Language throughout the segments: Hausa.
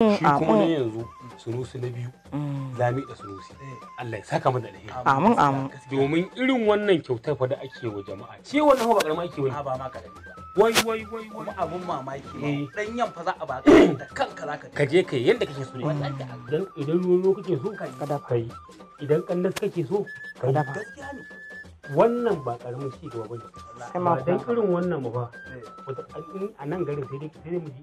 Mm, shi yanzu sunusi na biyu lami mm. da sunusi Allah ya saka mu da amin amin domin irin wannan kyautar fa da ake wa jama'a ce wannan fa ba karama ake wani ba ma wai wai wai kuma abun mamaki dan eh. yan fa za a da kanka ka je kai yanda kake so idan idan ruwa kake so ka dafa yi idan kandas kake so ka dafa gaskiya ne wannan ba karamin ci gaba bane ba dan irin wannan ba eh. a nan garin sai dai sai mu ji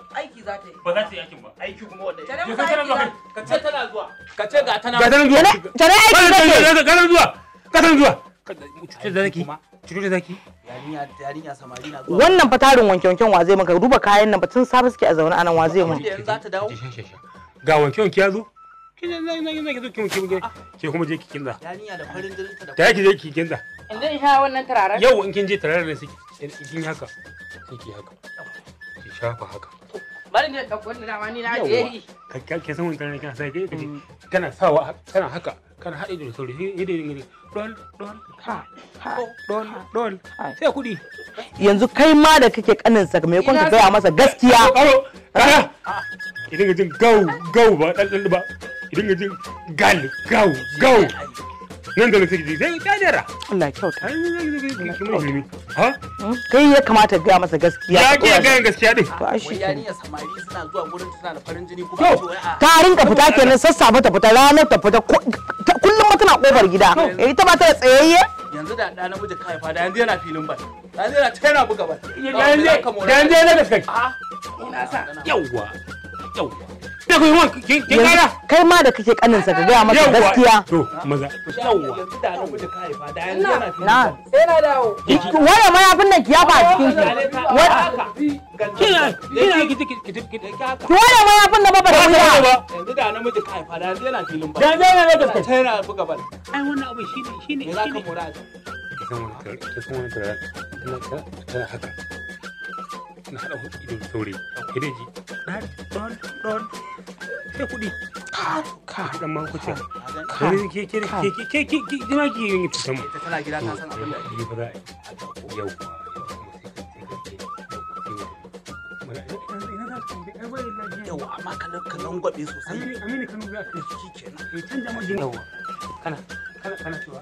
za ta yi. Ba za ta yi aikin ba. Aiki kuma wanda ya Tare Ka ce tana zuwa. Ka ce ga tana. zuwa. Tare aiki Ga tana zuwa. tana zuwa. Cutar da zaki. Cutar da zaki. Yarinya samari na zuwa. Wannan fa tarin wanke-wanken wa zai maka duba kayan nan ba tun safe suke a zaune anan wa zai mun. Za ta dawo. Ga wanke-wanke ya zo. Ah. Ke kuma je ki da Ta je ki kinza. Inda in sha wannan turaren? Yau in kin je turaren ne suke. In kin haka. Sai haka. Ki shafa haka. bari ne ɗauko wanda dama ni na da yayi ka san wani kana sai ke kana sawa kana haka kana haɗe da sauri hidin hidin don don ha don don sai kuɗi yanzu kai ma da kake kanin sa me ka gaya masa gaskiya idan jin gau gau ba ba idan jin gal gau gau nan da ta Allah ya kyauta ki mun hmm? kai ya kamata ga masa gaskiya ya ke ga gaskiya din samari suna zuwa gurin suna da farin jini ta rinka fita kenan sassafe ta fita ranar ta fita kullum ma tana kofar gida eh, ita ba ta tsayayye yanzu da ɗa namiji kai fa da yanzu yana filin ba yanzu yana ta yana buga ba yanzu yana da kai yawwa yawwa kin kara kai ma da kake kanin sa ka ga masa gaskiya to maza yawa da nan da yanzu yana na sai na dawo ma ki yafa cikin ki ki ki ki ki ki ma ba ba yanzu da nan da yanzu yana filin ba yanzu yana da sai na buga ai wannan abu shine shine shine ka mura ka ka ka na haɗa kuɗi da saurayi sai ɗon ɗon sai kuɗi ka haɗa ma kuce ka ke ke ke ke ke ke ke ma ke yin fitan mu tana gida ka san abin da ke ba yau yau amma ka ka langwabe sosai amini amini kan ga shi kenan kana kana kana cewa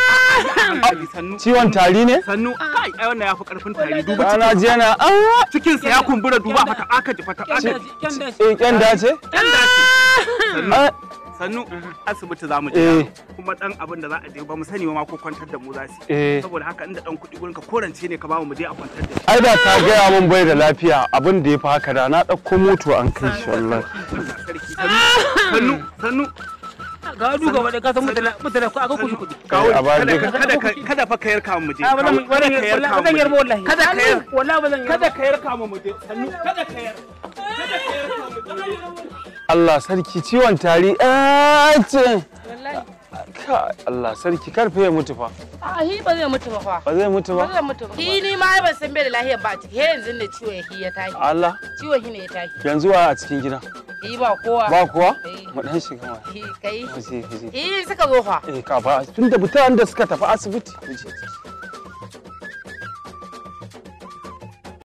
tari sannu ciwon tari ne sannu ah. kai ai wannan yafi karfin tari duba cikin ana ji yana awa cikin sa ya kumbura duba fata aka ji fata aka ji eh kyan dace kyan dace ah! sannu ah. Mm-hmm. asibiti zamu je eh. kuma dan abin da za a je ba mu sani ma ko kwantar da mu za su eh. saboda haka inda dan kuɗi gurin ka korance ne ka ba mu je a kwantar da ai da ta ga mun bai da lafiya abin da ya fi haka da na dauko moto an kai shi wallahi sannu sannu ka duka fa kayar kada kayar Ka kayar Allah sarki ciwon tari ah, Allah sarki karfe ya mutu fa. A hi ba zai mutu ba fa. Ba zai mutu ba. Ba zai mutu ba. K'i ni ma ba san bai da lafiya ba. He yanzu ne ciwon hi ya tashi. Allah. Ciwon hi ne ya tashi. Yanzu wa a cikin gida. ba kowa. Ba kowa? Eh. Mu dan shiga Kai. Ku je Eh suka zo fa. Eh ka ba tunda mutan da suka tafi asibiti